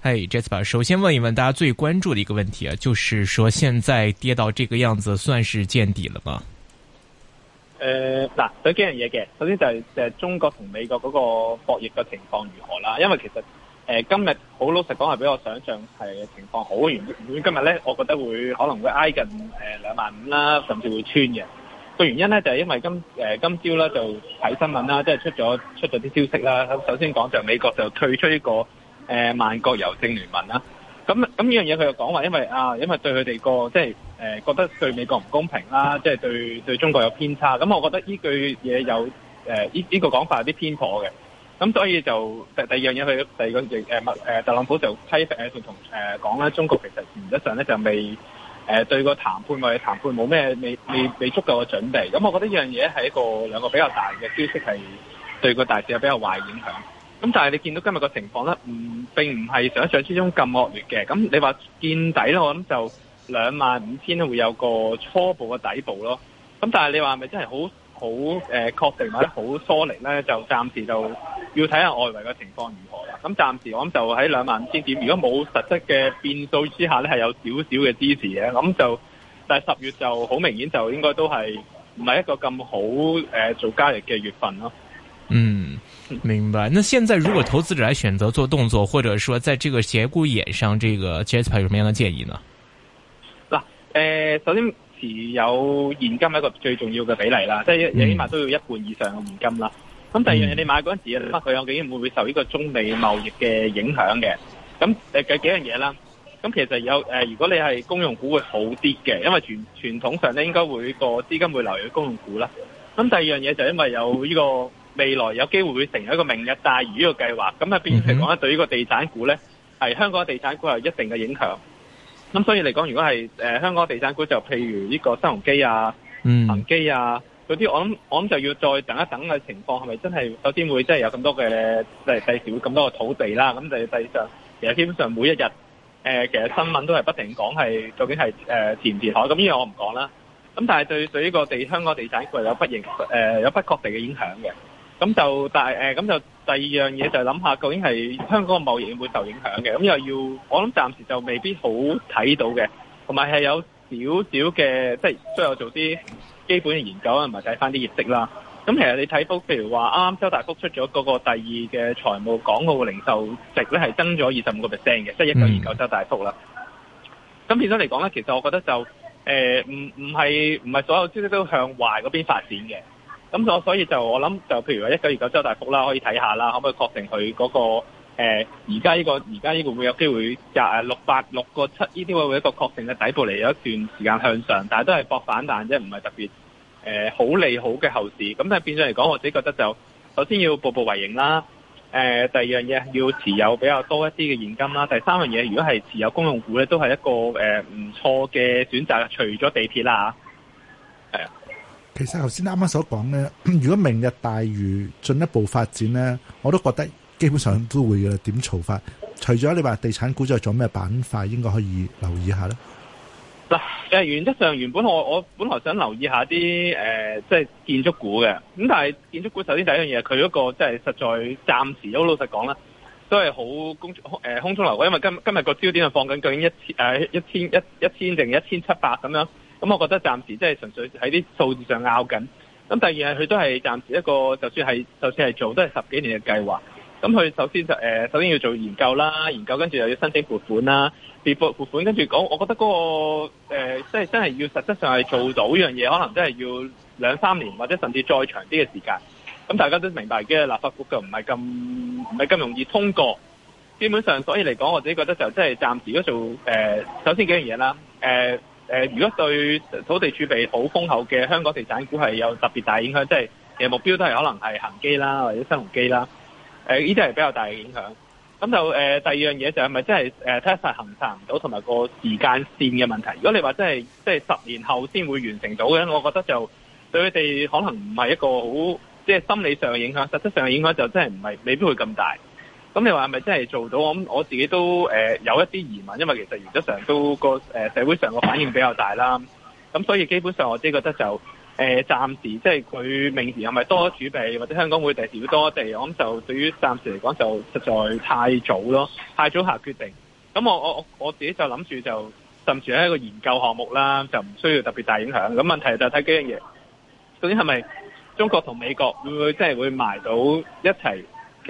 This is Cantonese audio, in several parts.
誒、hey,，Jasper，首先問一問大家最關注的一個問題啊，就是說現在跌到這個樣子，算是見底了嗎？誒、呃，嗱，有幾樣嘢嘅，首先就係、是、誒、就是、中國同美國嗰個博弈嘅情況如何啦，因為其實誒、呃、今日好老實講係比我想象係情況好嘅原因，原今日咧我覺得會可能會挨近誒兩萬五啦，呃、甚至會穿嘅個原因咧就係、是、因為今誒、呃、今朝咧就睇新聞啦，即、就、係、是、出咗出咗啲消息啦，首先講就是美國就退出呢個。誒、呃、萬國郵政聯盟啦，咁咁呢樣嘢佢又講話，因為啊，因為對佢哋個即係誒、呃、覺得對美國唔公平啦，即係對對中國有偏差。咁我覺得呢句嘢有誒呢、呃呢個講法有啲偏頗嘅。咁所以就第第二樣嘢，佢第二個誒、呃、特朗普就批評同講啦，中國其實原則上咧就未誒、呃、對個談判或者談判冇咩未未未足夠嘅準備。咁我覺得呢樣嘢係一個兩個比較大嘅消息，係對個大市有比較壞影響。咁但係你見到今日個情況咧，唔並唔係想像之中咁惡劣嘅。咁你話見底咧，我諗就兩萬五千咧會有個初步嘅底部咯。咁但係你話咪真係好好誒確定或者好疏離咧，就暫時就要睇下外圍嘅情況如何啦。咁暫時我諗就喺兩萬五千點，如果冇實質嘅變數之下咧，係有少少嘅支持嘅。咁就但係十月就好明顯，就應該都係唔係一個咁好、呃、做交易嘅月份咯。嗯。明白。那現在如果投資者來選擇做動作，或者說在這個節骨眼上，這個 Jasper 有什麼樣的建議呢？嗱，誒，首先持有現金係一個最重要嘅比例啦，即、嗯、係起碼都要一半以上嘅現金啦。咁第二樣嘢、嗯，你買嗰陣時嘅板塊，究竟會唔會受呢個中美貿易嘅影響嘅？咁誒，幾樣嘢啦。咁其實有誒、呃，如果你係公用股會好啲嘅，因為傳傳統上咧應該會個資金會流入公用股啦。咁第二樣嘢就因為有呢、這個。未來有機會會成為一個明日大嶼嘅計劃，咁啊，變成嚟講咧，對呢個地產股咧，係香港嘅地產股有一定嘅影響。咁所以嚟講，如果係誒、呃、香港嘅地產股，就譬如呢個新鴻基啊、恆、嗯、基啊嗰啲，我諗我諗就要再等一等嘅情況，係咪真係首先會真係有咁多嘅遞遞少咁多嘅土地啦？咁第第二，上其實基本上每一日誒、呃，其實新聞都係不停講係究竟係誒填唔填海，咁呢樣我唔講啦。咁但係對對呢個地香港地產股係有不認誒、呃、有不確定嘅影響嘅。咁就咁、呃、咁就第二樣嘢就係諗下，究竟係香港嘅貿易會受影響嘅，咁又要我諗暫時就未必好睇到嘅，同埋係有少少嘅，即係都有做啲基本嘅研究，同埋睇翻啲業績啦。咁其實你睇幅譬如話啱啱周大福出咗嗰個第二嘅財務，港澳零售值咧係增咗二十五個 percent 嘅，即係一九二九周大福啦。咁變咗嚟講咧，其實我覺得就呃，唔唔係唔係所有消息都向壞嗰邊發展嘅。咁所所以就我諗就譬如話一九二九周大福啦，可以睇下啦，可唔可以確定佢嗰、嗰個而家呢個而家呢個會、會有機會六八六個七呢啲會會一個確定嘅底部嚟有一段時間向上，但係都係博反彈啫，唔係特別誒好、呃、利好嘅後市。咁但係變咗嚟講，我自己覺得就首先要步步為營啦。誒、呃，第二樣嘢要持有比較多一啲嘅現金啦。第三樣嘢如果係持有公用股咧，都係一個誒唔錯嘅選擇，除咗地鐵啦嚇，係啊。其實頭先啱啱所講咧，如果明日大嶼進一步發展咧，我都覺得基本上都會嘅。點炒法？除咗你話地產股仲有咩板塊，應該可以留意一下咧。嗱，誒原則上原本我我本來想留意一下啲誒，即、呃、係、就是、建築股嘅。咁但係建築股首先第一樣嘢，佢嗰個即係實在暫時好老實講啦，都係好空中空中樓，因為今今日個焦點係放緊究竟一千誒一千一一千定一、一千七百咁樣。咁我覺得暫時即係純粹喺啲數字上拗緊。咁第二係佢都係暫時一個，就算係就算係做都係十幾年嘅計劃。咁佢首先就、呃、首先要做研究啦，研究跟住又要申請撥款啦，撥撥款跟住講。我覺得嗰、嗰個即係、呃、真係要實質上係做到樣嘢，可能真係要兩三年或者甚至再長啲嘅時間。咁大家都明白嘅立法局就唔係咁唔係咁容易通過。基本上，所以嚟講，我自己覺得就即係暫時都做、呃、首先幾樣嘢啦，呃呃、如果對土地儲備好豐厚嘅香港地產股係有特別大影響，即係其實目標都係可能係恒基啦，或者新鴻基啦。呢啲係比較大嘅影響。咁就、呃、第二樣嘢就係咪真係誒睇實行唔行到，同埋個時間線嘅問題。如果你話真係即係十年後先會完成到嘅，我覺得就對佢哋可能唔係一個好即係心理上嘅影響，實質上嘅影響就真係唔係未必會咁大。咁你話係咪真係做到？我我自己都、呃、有一啲疑問，因為其實原則上都個、呃、社會上個反應比較大啦。咁所以基本上我自己覺得就、呃、暫時即係佢明時係咪多儲備，或者香港會第時會多啲。我諗就對於暫時嚟講就實在太早咯，太早下決定。咁我我我自己就諗住就甚至係一個研究項目啦，就唔需要特別大影響。咁問題就睇幾樣嘢，究竟係咪中國同美國會唔會真係會埋到一齊？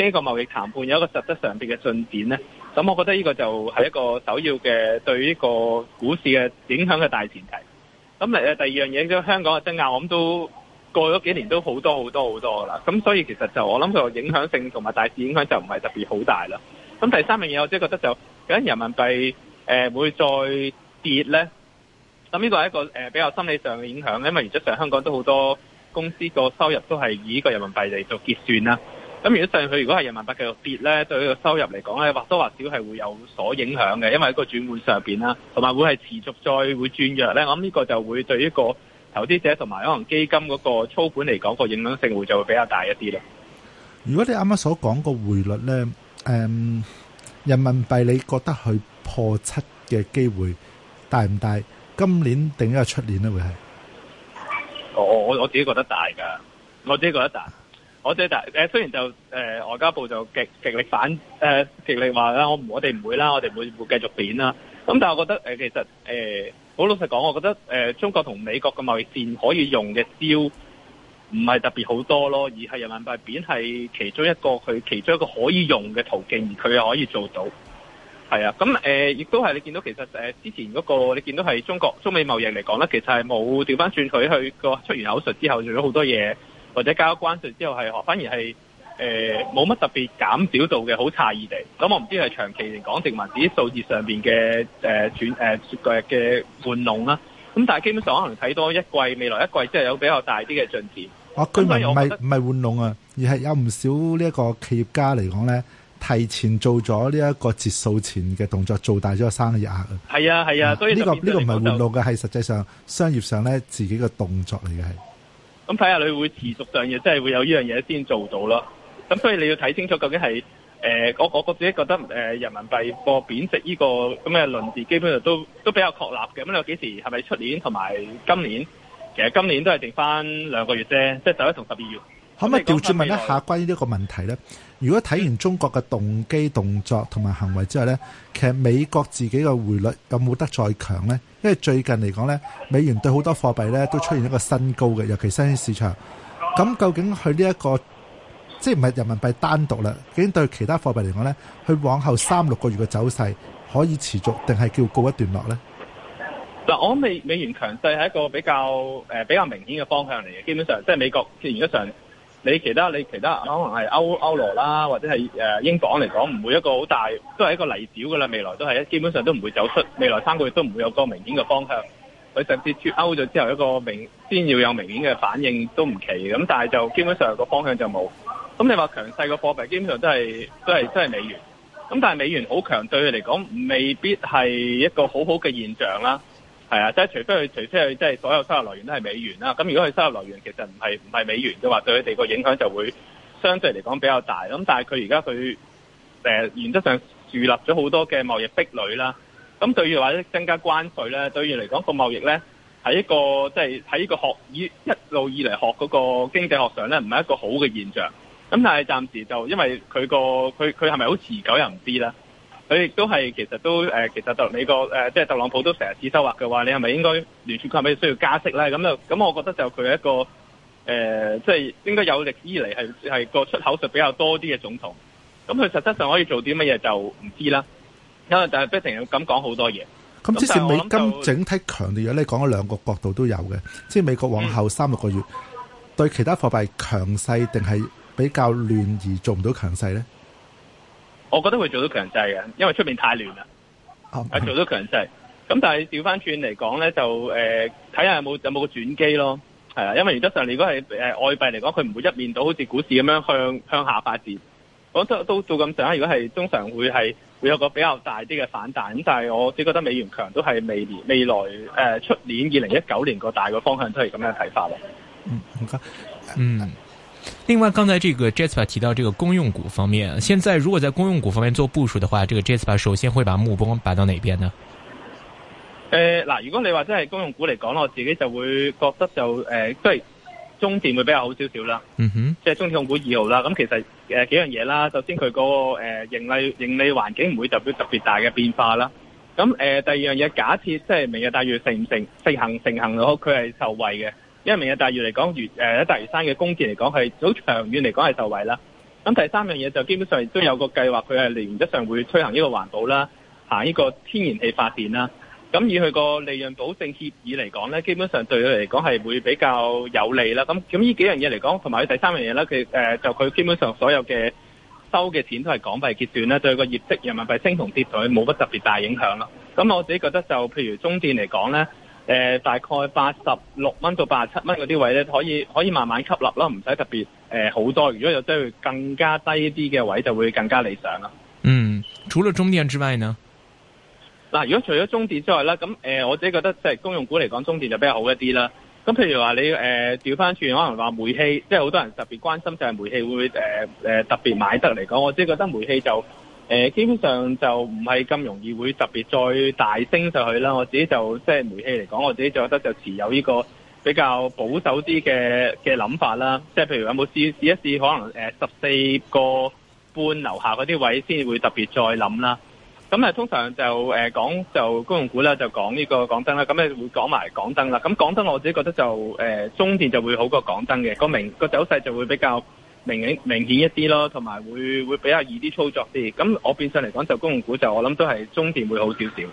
呢、這個貿易談判有一個實質上邊嘅進展咧，咁我覺得呢個就係一個首要嘅對呢個股市嘅影響嘅大前提。咁嚟第二樣嘢即香港嘅爭拗，我諗都過咗幾年都好多好多好多噶啦。咁所以其實就我諗佢個影響性同埋大市影響就唔係特別好大啦。咁第三樣嘢我即係覺得就，如果人民幣誒、呃、會再跌咧，咁呢個係一個誒、呃、比較心理上嘅影響，因為原則上香港都好多公司個收入都係以呢個人民幣嚟做結算啦。咁如果上佢如果係人民幣繼續跌咧，對個收入嚟講咧，或多或少係會有所影響嘅，因為喺個轉換上邊啦，同埋會係持續再會轉弱咧。我諗呢個就會對一個投資者同埋可能基金嗰個操盤嚟講個影響性會就會比較大一啲咯。如果你啱啱所講個匯率咧，誒，人民幣，你覺得佢破七嘅機會大唔大？今年定一個出年咧會係？我我我自己覺得大㗎，我自己覺得大。我即係雖然就誒、呃、外交部就極極力反誒、呃，極力話啦，我我哋唔會啦，我哋唔會繼續貶啦、啊。咁但係我覺得其實誒好、呃、老實講，我覺得誒、呃、中國同美國嘅貿易戰可以用嘅招唔係特別好多咯，而係人民幣貶係其中一個佢其中一個可以用嘅途徑，而佢又可以做到。係啊，咁誒亦都係你、那個、你見到其實誒之前嗰個你見到係中國中美貿易嚟講咧，其實係冇掉返轉佢去個出完口術之後做咗好多嘢。或者加咗關稅之後係，反而係誒冇乜特別減少到嘅，好詫異地。咁、嗯、我唔知係長期嚟講，定還自己數字上面嘅誒、呃、轉誒嘅嘅玩弄啦。咁、嗯、但係基本上可能睇多一季，未來一季即係有比較大啲嘅進展。啊、哦，居民唔係唔係玩弄啊，而係有唔少呢一個企業家嚟講咧，提前做咗呢一個節數前嘅動作，做大咗個生意額啊。係啊係啊，呢、啊呢個呢、呢個唔係玩弄嘅，係實際上商業上咧自己嘅動作嚟嘅係。咁睇下你會持續上嘢，即係會有呢樣嘢先做到咯。咁所以你要睇清楚，究竟係誒、呃，我我自己覺得人民幣貨貶值呢個咁嘅論調，基本上都都比較確立嘅。咁你話幾時係咪出年同埋今年？其實今年都係剩翻兩個月啫，即係十一同十二月。可唔可以調轉問一下關於呢個問題咧？如果睇完中國嘅動機、動作同埋行為之後呢，其實美國自己嘅匯率有冇得再強呢？因為最近嚟講呢，美元對好多貨幣呢都出現一個新高嘅，尤其新興市場。咁究竟佢呢一個即係唔係人民幣單獨啦？究竟對其他貨幣嚟講呢？佢往後三六個月嘅走勢可以持續定係叫告一段落呢？嗱，我諗美元強勢係一個比較、呃、比較明顯嘅方向嚟嘅，基本上即係、就是、美國嘅原則上。你其他你其他可能係歐歐羅啦，或者係英鎊嚟講，唔會一個好大，都係一個泥沼噶啦。未來都係基本上都唔會走出，未來三個月都唔會有一個明顯嘅方向。佢甚至脫歐咗之後，一個明先要有明顯嘅反應都唔奇咁，但係就基本上個方向就冇。咁你話強勢嘅貨幣，基本上都係都係都係美元。咁但係美元好強，對佢嚟講未必係一個很好好嘅現象啦。係啊，即係除非佢，除非佢，即係所有收入來源都係美元啦。咁如果佢收入來源其實唔係唔係美元嘅話，對佢哋個影響就會相對嚟講比較大。咁但係佢而家佢誒，原則上樹立咗好多嘅貿易壁壘啦。咁對於或者增加關稅咧，對於嚟講個貿易咧，係一個即係喺個學以一路以嚟學嗰個經濟學上咧，唔係一個好嘅現象。咁但係暫時就因為佢個佢佢係咪好持久又唔知啦。佢亦都係其實都誒、呃，其實就美國誒，即係特朗普都成日指收劃嘅話，你係咪應該聯儲係咪需要加息咧？咁咁，我覺得就佢係一個誒，即、呃、係、就是、應該有史以嚟係係個出口就比較多啲嘅總統。咁佢實質上可以做啲乜嘢就唔知啦，因為、嗯、就係不停要咁講好多嘢。咁之前美金整體強烈咗，你講咗兩個角度都有嘅，即係美國往後三六個月、嗯、對其他貨幣強勢定係比較亂而做唔到強勢咧？我覺得會做到強勢嘅，因為出面太亂啦。啊、哦，做到強勢。咁但係調返轉嚟講咧，就誒睇下有冇有冇個轉機咯。係啊，因為原則上，如果係誒、呃、外幣嚟講，佢唔會一面倒好似股市咁樣向向下發展。講到到到咁上下，如果係通常會係會有一個比較大啲嘅反彈。咁但係我只覺得美元強都係未，未來未來誒出年二零一九年個大個方向都係咁樣睇法咯。嗯，好嗯。另外，剛才這個 Jasper 提到這個公用股方面，現在如果在公用股方面做部署的話，這個 Jasper 首先會把目光擺到哪邊呢？誒，嗱，如果你話真係公用股嚟講，我自己就會覺得就誒，都、呃、係中電會比較好少少啦。嗯哼，即、就、係、是、中電控股二號啦。咁其實誒、呃、幾樣嘢啦，首先佢個誒盈利盈利環境唔會特別特別大嘅變化啦。咁誒、呃、第二樣嘢，假設即係明日大約成唔成成行成行咗，佢係受惠嘅。第二樣嘢，大嶼嚟講，如誒喺大嶼山嘅公建嚟講，係好長遠嚟講係受惠啦。咁第三樣嘢就基本上都有個計劃，佢係原則上會推行呢個環保啦，行呢個天然氣發電啦。咁以佢個利潤保證協議嚟講咧，基本上對佢嚟講係會比較有利啦。咁咁呢幾樣嘢嚟講，同埋佢第三樣嘢咧，佢、呃、就佢基本上所有嘅收嘅錢都係港幣結算啦，對個業績人民幣升同跌同佢冇乜特別大影響咯。咁我自己覺得就譬如中電嚟講咧。誒、呃，大概八十六蚊到八十七蚊嗰啲位咧，可以可以慢慢吸納啦，唔使特別誒好、呃、多。如果有真係更加低啲嘅位，就會更加理想啦。嗯，除了中電之外呢？嗱、啊，如果除咗中電之外咧，咁誒、呃，我自己覺得即係公用股嚟講，中電就比較好一啲啦。咁譬如話你誒調翻轉，可能話煤氣，即係好多人特別關心就係煤氣會唔會誒誒、呃呃、特別買得嚟講，我即係覺得煤氣就。誒、呃、基本上就唔係咁容易會特別再大升上去啦。我自己就即係煤氣嚟講，我自己就覺得就持有呢個比較保守啲嘅嘅諗法啦。即係譬如有冇試試一試可能誒十四個半樓下嗰啲位先會特別再諗啦。咁誒通常就、呃、講就公用股啦，就講呢個港燈啦。咁誒會講埋港燈啦。咁港燈我自己覺得就、呃、中電就會好過港燈嘅個明個走勢就會比較，明顯明顯一啲咯，同埋會會比較易啲操作啲。咁我變相嚟講，就公用股就我諗都係中電會好少少。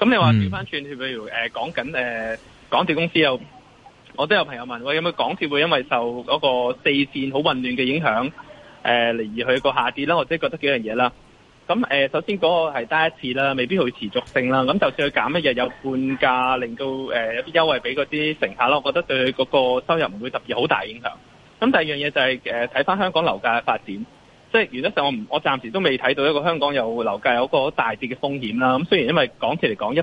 咁你話轉翻轉，譬如誒講緊誒港鐵公司又，我都有朋友問我有冇港鐵會因為受嗰個四線好混亂嘅影響嚟、呃、而佢個下跌啦？我即係覺得幾樣嘢啦。咁、呃、首先嗰個係單一次啦，未必會持續性啦。咁就算佢減一日有半價，令到誒有啲優惠俾嗰啲乘客咯，我覺得對嗰個收入唔會特別好大影響。咁第二樣嘢就係睇翻香港樓價嘅發展，即係原則上我唔，我暫時都未睇到一個香港有樓價有一個大跌嘅風險啦。咁雖然因為港鐵嚟講一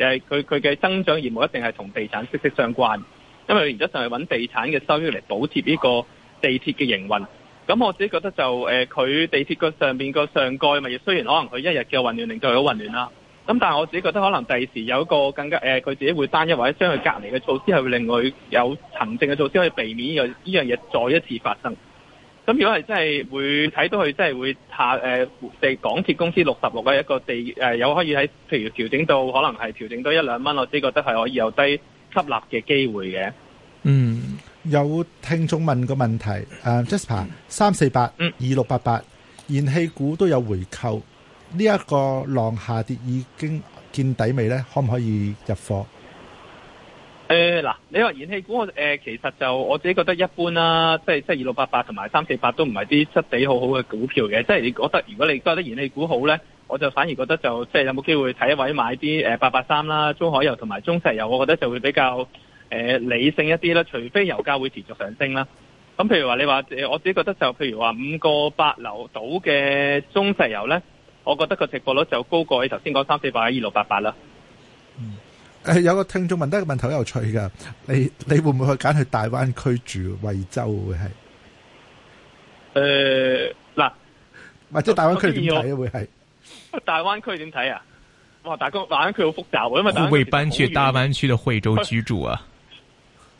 半，佢佢嘅增長業務一定係同地產息息相關，因為原則上係揾地產嘅收益嚟補貼呢個地鐵嘅營運。咁我自己覺得就佢地鐵個上面個上蓋物業雖然可能佢一日嘅混亂，令到好混亂啦。咁但係我自己覺得可能第時有一個更加誒佢、呃、自己會單一或者將佢隔離嘅措施係會令佢有行政嘅措施可以避免呢呢樣嘢再一次發生。咁、嗯、如果係真係會睇到佢真係會下地、呃、港鐵公司六十六嘅一個地誒有、呃、可以喺譬如調整到可能係調整多一兩蚊，我自己覺得係可以有低吸納嘅機會嘅。嗯，有聽眾問個問題、uh,，Jasper 三四八二六八八，燃氣股都有回購。呢一個浪下跌已經見底未呢？可唔可以入貨？誒嗱，你話燃氣股誒，其實就我自己覺得一般啦，即係即係二六八八同埋三四八都唔係啲質地好好嘅股票嘅。即係你覺得如果你覺得燃氣股好呢，我就反而覺得就即係有冇機會睇一位買啲誒八八三啦、中海油同埋中石油，我覺得就會比較誒理性一啲啦。除非油價會持續上升啦。咁譬如話你話我自己覺得就譬如話五個八樓到嘅中石油呢。我覺得個直播率就高過你頭先講三四百二六八八啦。嗯，誒、哎，有個聽眾問得個問題好有趣噶，你你會唔會去揀去大灣區住？惠州會係？誒、呃，嗱，或者大灣區點睇會係？大灣區點睇啊？哇，大灣區好複雜、啊，因為大灣區……會搬去大灣區嘅惠州居住啊？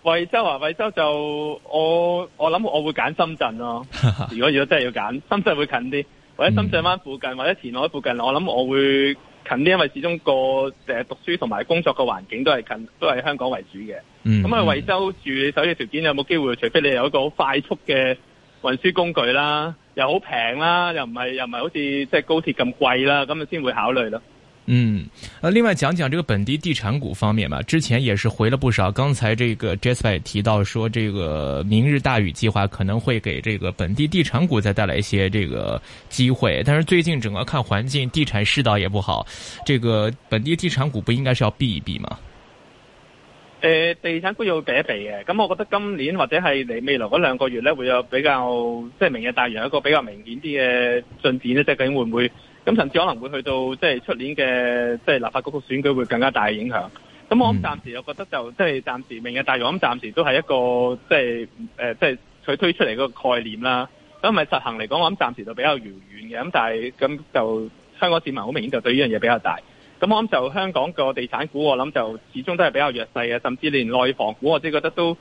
惠州啊，惠州就我我諗我會揀深圳咯、啊。如 果如果真係要揀，深圳會近啲。喺深圳灣附近或者前海附近，我諗我會近啲，因為始終個誒讀書同埋工作嘅環境都係近，都係香港為主嘅。咁、嗯、啊、嗯，惠州住首要條件有冇機會？除非你有一個好快速嘅運輸工具啦，又好平啦，又唔係又唔係好似即係高鐵咁貴啦，咁啊先會考慮咯。嗯，呃、啊，另外講講這個本地地產股方面吧。之前也是回了不少。剛才這個 Jasper 提到說，這個明日大嶼計劃可能會給這個本地地產股再帶來一些這個機會，但是最近整個看環境，地產市道也不好，這個本地地產股不應該是要避一避嗎？呃，地產股要避一避嘅，咁我覺得今年或者係你未來嗰兩個月呢，會有比較，即係明日大嶼有一個比較明顯啲嘅進展呢，即係究竟會唔會？咁甚至可能會去到即係出年嘅即係立法局嘅選舉會更加大嘅影響。咁我諗暫時我覺得就即係、就是、暫時明日大嶼，但係我諗暫時都係一個即係即係佢推出嚟個概念啦。咁咪實行嚟講，我諗暫時就比較遙遠嘅。咁但係咁就香港市民好明顯就對呢樣嘢比較大。咁我諗就香港個地產股，我諗就始終都係比較弱勢嘅，甚至連內房股我哋覺得都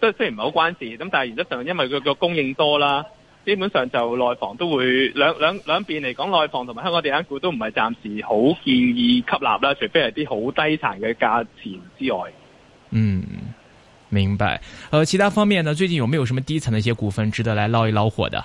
都雖然唔係好關事。咁但係而家就因為佢個供應多啦。基本上就內房都會兩兩兩邊嚟講，內房同埋香港地產股都唔係暫時好建議吸納啦，除非係啲好低殘嘅價錢之外。嗯，明白。誒、呃，其他方面呢？最近有冇有什麼低殘嘅一些股份值得來撈一撈貨的？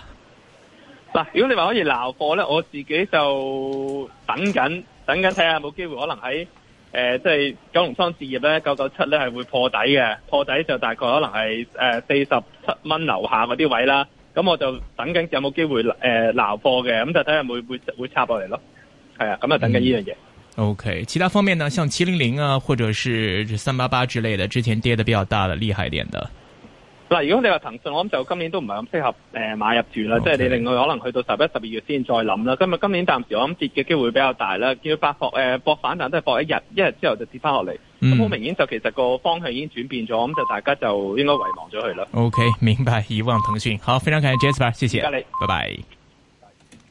嗱，如果你話可以撈貨呢，我自己就等緊等緊睇下，有冇機會，可能喺誒即係九龍倉置業呢，九九七，呢係會破底嘅，破底就大概可能係誒四十七蚊樓下嗰啲位啦。咁我就等緊有冇機會誒、呃、撈貨嘅，咁就睇下會會會插過嚟咯。係啊，咁啊等緊呢樣嘢。嗯、o、OK, K，其他方面呢，像七零零啊，或者是三八八之類嘅，之前跌得比較大的，的厲害一點嘅。嗱，如果你話騰訊，我諗就今年都唔係咁適合誒、呃、買入住啦、OK，即係你另外可能去到十一、十二月先再諗啦。今日今年暫時我諗跌嘅機會比較大啦，見到博誒博反彈都係博一日，一日之後就跌翻落嚟。咁、嗯、好明顯就其實個方向已經轉變咗，咁就大家就應該遺忘咗佢啦。OK，明白，遺忘騰訊，好，非常感謝 Jasper，謝謝，謝謝你，拜拜。Bye bye